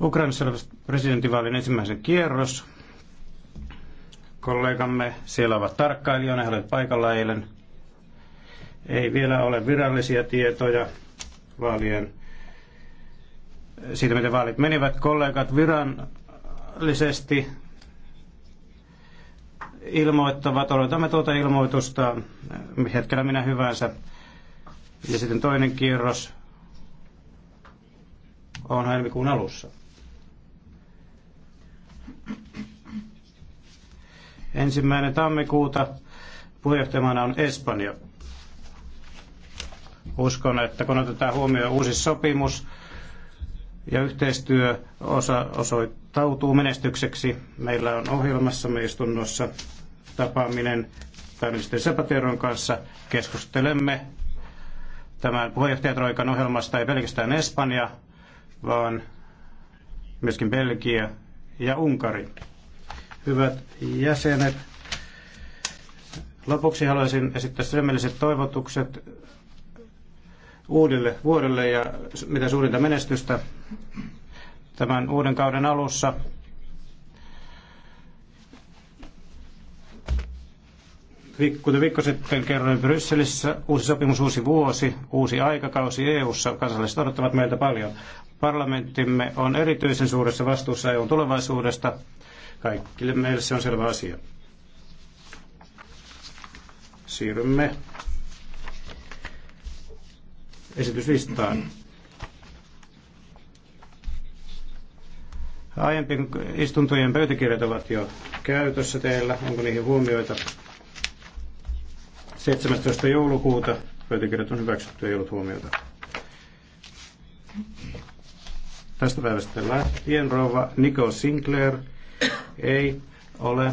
Ukrainassa presidentinvaalin ensimmäisen kierros. Kollegamme siellä ovat tarkkailijoina, he olivat paikalla eilen. Ei vielä ole virallisia tietoja vaalien siitä, miten vaalit menivät. Kollegat virallisesti ilmoittavat, odotamme tuota ilmoitusta hetkellä minä hyvänsä. Ja sitten toinen kierros on helmikuun alussa. Ensimmäinen tammikuuta puheenjohtajamaana on Espanja. Uskon, että kun otetaan huomioon uusi sopimus ja yhteistyö osa osoittautuu menestykseksi, meillä on ohjelmassa istunnossa tapaaminen pääministeri Zapateron kanssa. Keskustelemme tämän puheenjohtajatroikan ohjelmasta ei pelkästään Espanja, vaan myöskin Belgia ja Unkari hyvät jäsenet. Lopuksi haluaisin esittää sydämelliset toivotukset uudelle vuodelle ja mitä suurinta menestystä tämän uuden kauden alussa. Kuten viikko sitten kerroin Brysselissä, uusi sopimus, uusi vuosi, uusi aikakausi EU-ssa. Kansalliset odottavat meiltä paljon. Parlamenttimme on erityisen suuressa vastuussa EUn tulevaisuudesta. Kaikille meille se on selvä asia. Siirrymme esityslistaan. Aiempien istuntojen pöytäkirjat ovat jo käytössä teillä. Onko niihin huomioita? 17. joulukuuta pöytäkirjat on hyväksytty, ei ollut huomioita. Tästä päivästä lähtien rouva Nico Sinclair ei ole